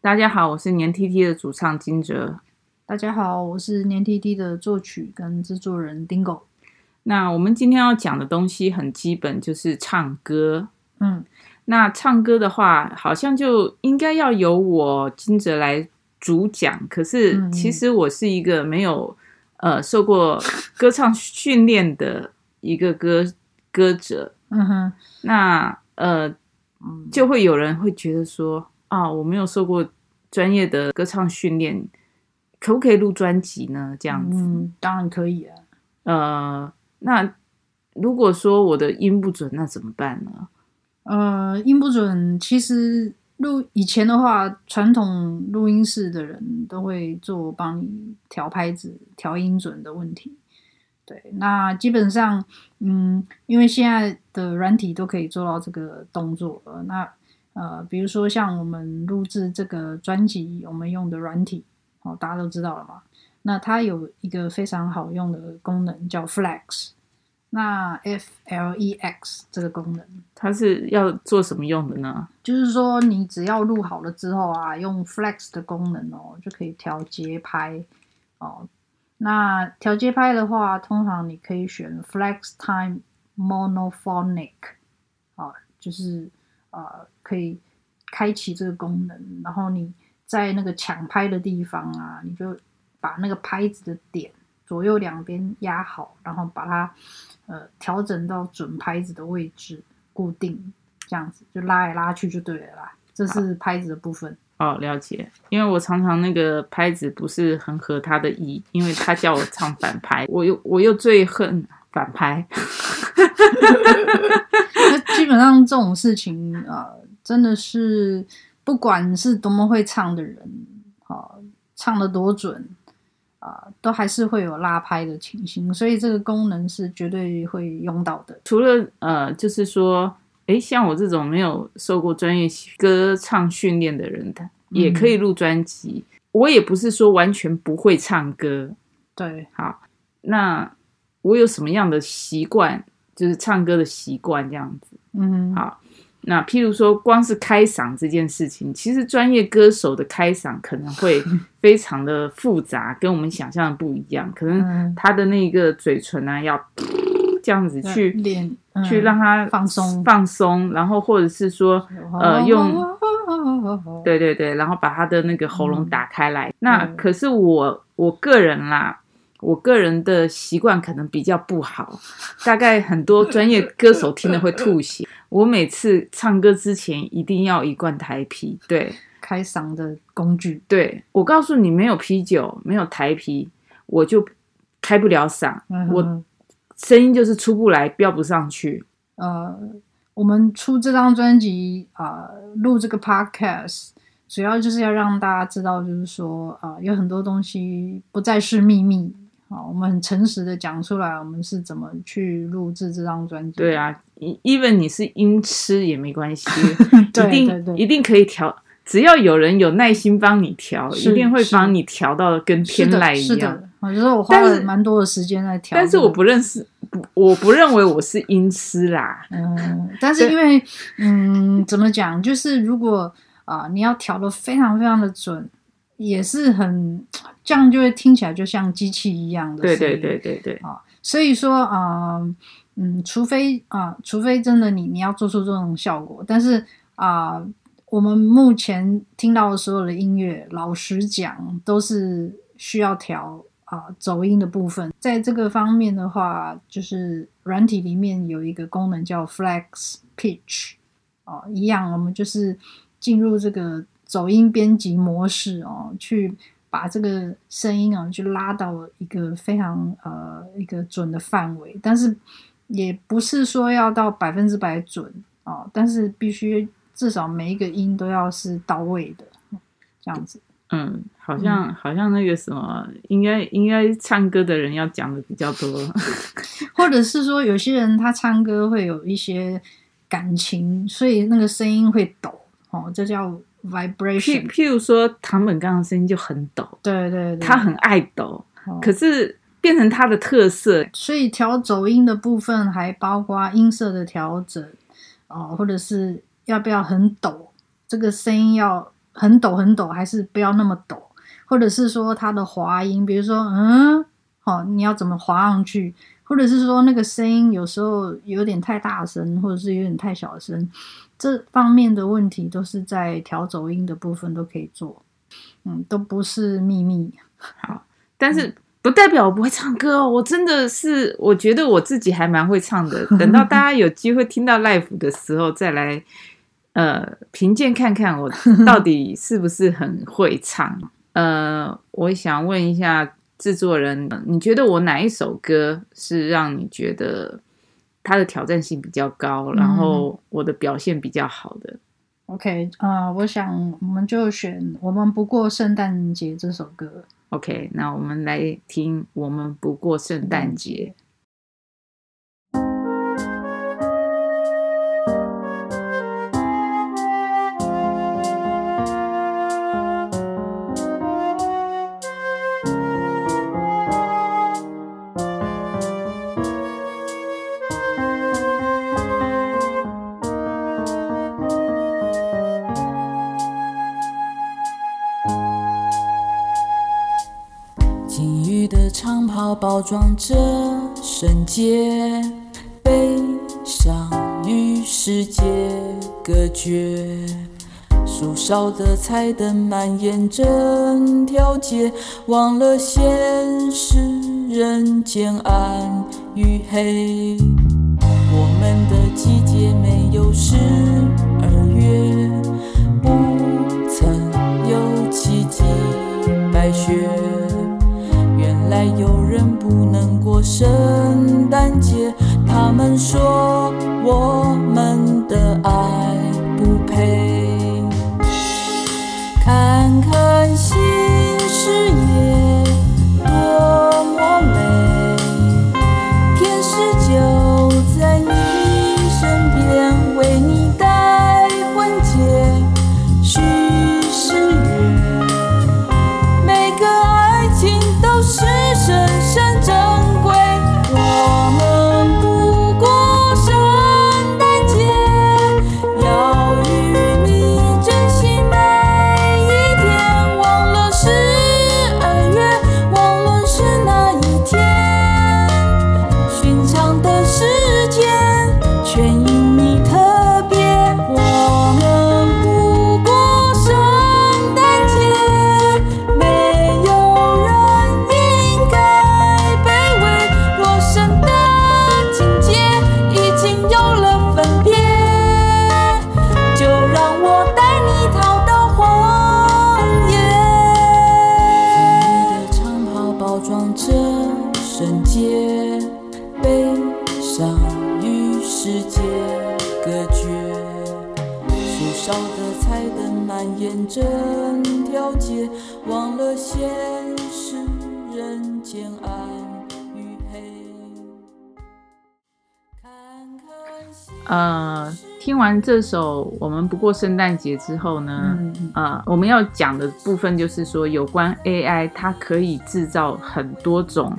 大家好，我是黏 tt 的主唱驚蟄。大家好，我是黏 tt 的作曲跟製作人 Dingo。那我們今天要講的東西很基本，就是唱歌。嗯，那唱歌的話，好像就應該要由我驚蟄來主講。可是其實我是一個沒有呃受過歌唱訓練的一個歌歌者。嗯哼，那呃就會有人會覺得說。啊，我沒有受過專業的歌唱訓練，可不可以錄專輯呢？這樣子。嗯，當然可以啊。呃，那如果說我的音不準，那怎麼辦呢？呃，音不準，其實錄以前的話，傳統錄音室的人都會做幫你調拍子、調音準的問題。對，那基本上，嗯，因為現在的軟體都可以做到這個動作了。那呃，比如說像我們錄制這個專輯，我們用的軟體，哦，大家都知道了嘛。那它有一個非常好用的功能，叫 Flex。那 F L E X 這個功能，它是要做什麼用的呢？嗯，就是說，你只要錄好了之後啊，用 Flex 的功能哦，就可以調節拍哦。那調節拍的話，通常你可以選 Flex Time Monophonic，好，哦，就是。呃，可以開啟這個功能，然後你在那個搶拍的地方啊，你就把那個拍子的點左右兩邊壓好，然後把它呃調整到準拍子的位置固定，這樣子就拉來拉去就對了啦。這是拍子的部分。哦，了解。因為我常常那個拍子不是很合他的意，因為他叫我唱反拍， 我又我又最恨反拍。 那 基本上這種事情啊、呃，真的是不管是多麼會唱的人，好、呃、唱得多準啊、呃，都還是會有拉拍的情形。所以這個功能是絕對會用到的。除了呃，就是說誒，像我這種沒有受過專業歌唱訓練的人的，也可以錄專輯、嗯。我也不是說完全不會唱歌，對，好，那我有什麼樣的習慣？就是唱歌的習慣這樣子，嗯，好，那譬如說，光是開嗓這件事情，其實專業歌手的開嗓可能會非常的複雜， 跟我們想象的不一樣。可能他的那個嘴唇呢、啊，要噗噗這樣子去、嗯、去讓他放鬆、嗯、放鬆，然後或者是說，呃，用， 對對對，然後把他的那個喉嚨打開來、嗯。那可是我我個人啦。我個人的習慣可能比較不好，大概很多專業歌手聽了會吐血。我每次唱歌之前一定要一罐台啤，對，開嗓的工具。對，我告訴你，沒有啤酒，沒有台啤，我就開不了嗓、嗯，我聲音就是出不來，飆不上去。呃，我們出這張專輯啊、呃，錄這個 podcast，主要就是要讓大家知道，就是說啊、呃，有很多東西不再是秘密。好，我們很誠實的講出來，我們是怎麼去錄製這張專輯。對啊，因為你是音痴也沒關係， 一定對對對，一定可以調，只要有人有耐心幫你調，一定會幫你調到跟天籟一樣。是的是的。我覺得我花了蠻多的時間在調。但是我不認識，不，我不認為我是音痴啦。 嗯，但是因為， 嗯，怎麼講，就是如果啊、呃，你要調的非常非常的準，也是很。這樣就會聽起來就像機器一樣的聲音。對對對對對啊、哦！所以說啊、呃，嗯，除非啊、呃，除非真的你你要做出這種效果，但是啊、呃，我們目前聽到的所有的音樂，老實講，都是需要調啊、呃、走音的部分。在這個方面的話，就是軟體裡面有一個功能叫 Flex Pitch，哦，一樣，我們就是進入這個走音編輯模式哦，去。把這個聲音啊，就拉到了一個非常呃一個準的範圍，但是也不是說要到百分之百準啊、哦，但是必須至少每一個音都要是到位的、嗯、這樣子。嗯，好像好像那個什麼，嗯、應該應該唱歌的人要講的比較多， 或者是說有些人他唱歌會有一些感情，所以那個聲音會抖哦，這叫。Vibration，譬，譬如說，唐本剛的聲音就很抖，對對對，他很愛抖、哦，可是變成他的特色。所以調走音的部分還包括音色的調整，哦，或者是要不要很抖，這個聲音要很抖很抖，還是不要那麼抖，或者是說它的滑音，比如說，嗯，好、哦，你要怎麼滑上去？或者是說那個聲音有時候有點太大聲，或者是有點太小聲，這方面的問題都是在調走音的部分都可以做，嗯，都不是秘密。好，嗯，但是不代表我不會唱歌哦，我真的是我覺得我自己還蠻會唱的。等到大家有機會聽到 Live 的時候再來， 呃，評鑑看看我到底是不是很會唱。呃，我想問一下。製作人，你覺得我哪一首歌是讓你覺得他的挑戰性比較高，嗯，然後我的表現比較好的？OK，啊、呃，我想我們就選《我們不過聖誕節》這首歌。OK，那我們來聽《我們不過聖誕節》。嗯。包裝着聖潔，悲傷與世界隔絕。樹梢的彩燈蔓延整條街，忘了現實人間暗與黑。我們的季節沒有十二。整街悲傷與世界隔絕，的彩燈蔓延整條街，忘了現實人間暗與黑。呃，聽完這首《我們不過聖誕節》之後呢嗯嗯，呃，我們要講的部分就是說，有關 AI，它可以制造很多種。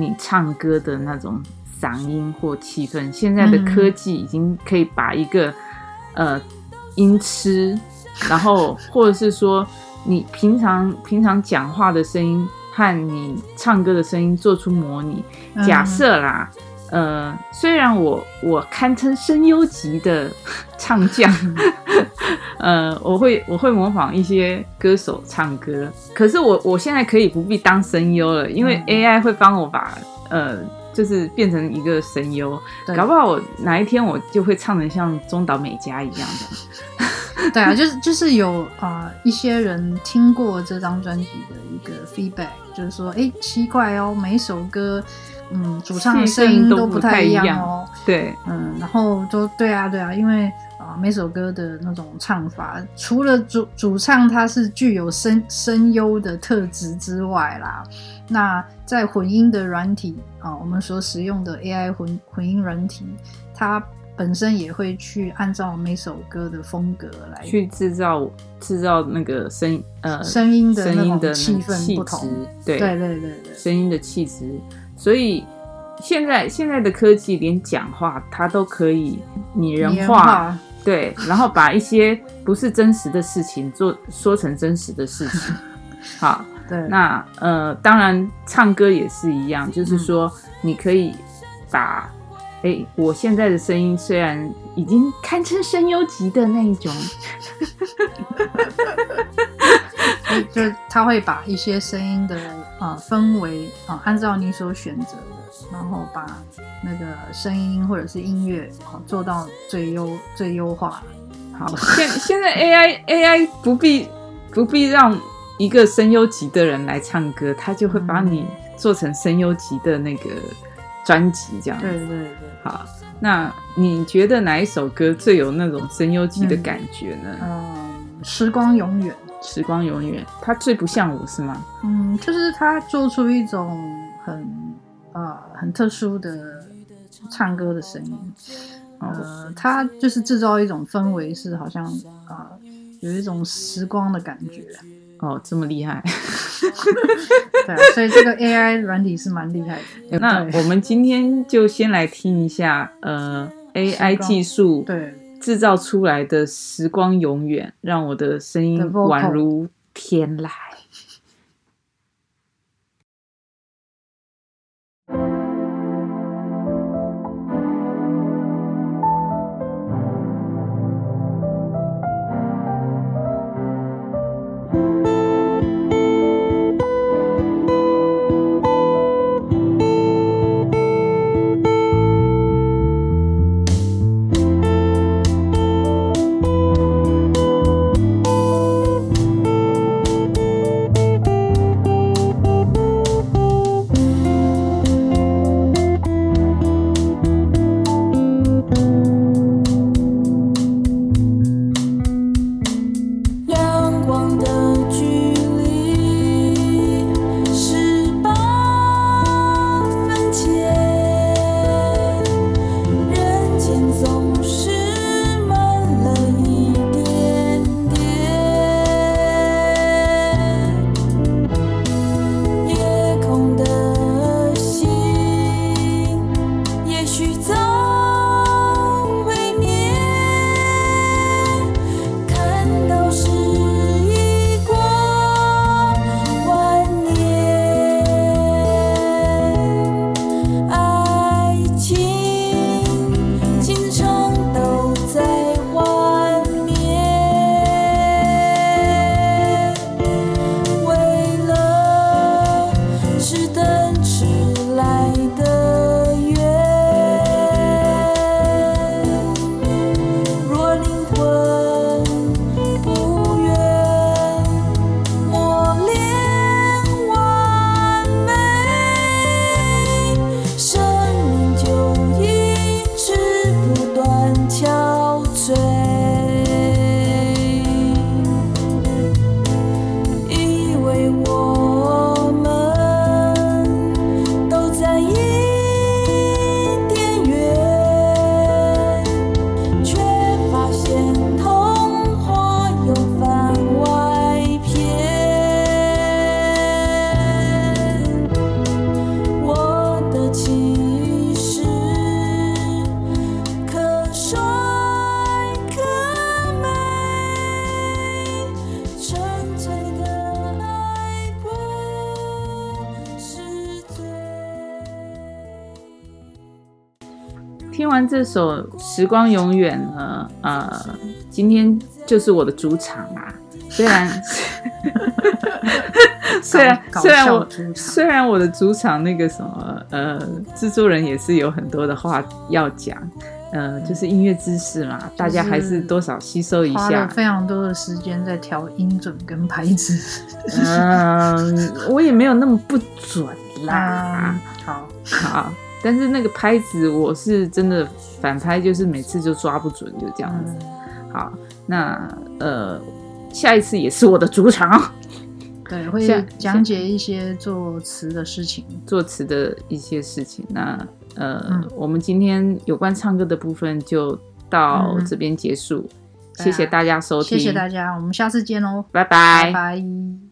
你唱歌的那種嗓音或氣氛，現在的科技已經可以把一個、嗯、呃音癡，然後或者是說你平常平常講話的聲音和你唱歌的聲音做出模擬、嗯、假設啦。呃，雖然我我堪稱聲優級的唱將， 呃，我會我會模仿一些歌手唱歌，可是我我現在可以不必當聲優了，因為 AI 會幫我把呃，就是變成一個聲優，搞不好我哪一天我就會唱得像中島美嘉一樣的。 對啊，就是就是有啊、呃、一些人聽過這張專輯的一個 feedback，就是說，哎、欸，奇怪哦，每一首歌。嗯，主唱的聲音都不太一樣哦。對，嗯，然後都對啊，對啊，因為啊，每首歌的那種唱法，除了主主唱它是具有聲聲優的特質之外啦，那在混音的軟體啊，我們所使用的 AI 混混音軟體，它本身也會去按照每首歌的風格來去制造製造那個聲呃聲音的那種氣氛不同氣質，對對對對，對，聲音的氣質。所以現在現在的科技連講話它都可以擬人，人化，對，然後把一些不是真實的事情做說成真實的事情。 好，對。那呃，當然唱歌也是一樣，就是說你可以把，誒，我現在的聲音雖然已經堪稱聲優級的那一種。 就他會把一些聲音的啊、呃、分為啊、呃，按照你所選擇的，然後把那個聲音或者是音樂啊、呃、做到最優最優化。好，現 現在 AI AI 不必不必讓一個聲優級的人來唱歌，他就會把你做成聲優級的那個專輯這樣，嗯。對對對。好，那你覺得哪一首歌最有那種聲優級的感覺呢？嗯，嗯，時光永遠。時光永遠，他最不像我是嗎？嗯，就是他做出一種很啊、呃、很特殊的唱歌的聲音，呃，他就是製造一種氛圍，是好像啊、呃、有一種時光的感覺。哦，這麼厲害， 對啊，所以這個 AI 軟體是蠻厲害的，欸。那我們今天就先來聽一下，呃，AI 技術對。製造出來的時光永遠，讓我的聲音宛如天籟。聽完這首《時光永遠》呢，呃，今天就是我的主場啊！雖然，啊、雖然，雖然我雖然我的主場那個什麼，呃，製作人也是有很多的話要講，呃，就是音樂知識嘛，大家還是多少吸收一下。就是、花了非常多的時間在調音準跟拍子，嗯，我也沒有那麼不準啦。嗯、好，好。但是那個拍子我是真的反拍，就是每次就抓不準，就這樣子。嗯、好，那呃，下一次也是我的主場。對，會講解一些作詞的事情，作詞的一些事情。那呃、嗯，我們今天有關唱歌的部分就到這邊結束，嗯、謝謝大家收聽、啊，謝謝大家，我們下次見哦，拜拜，拜拜。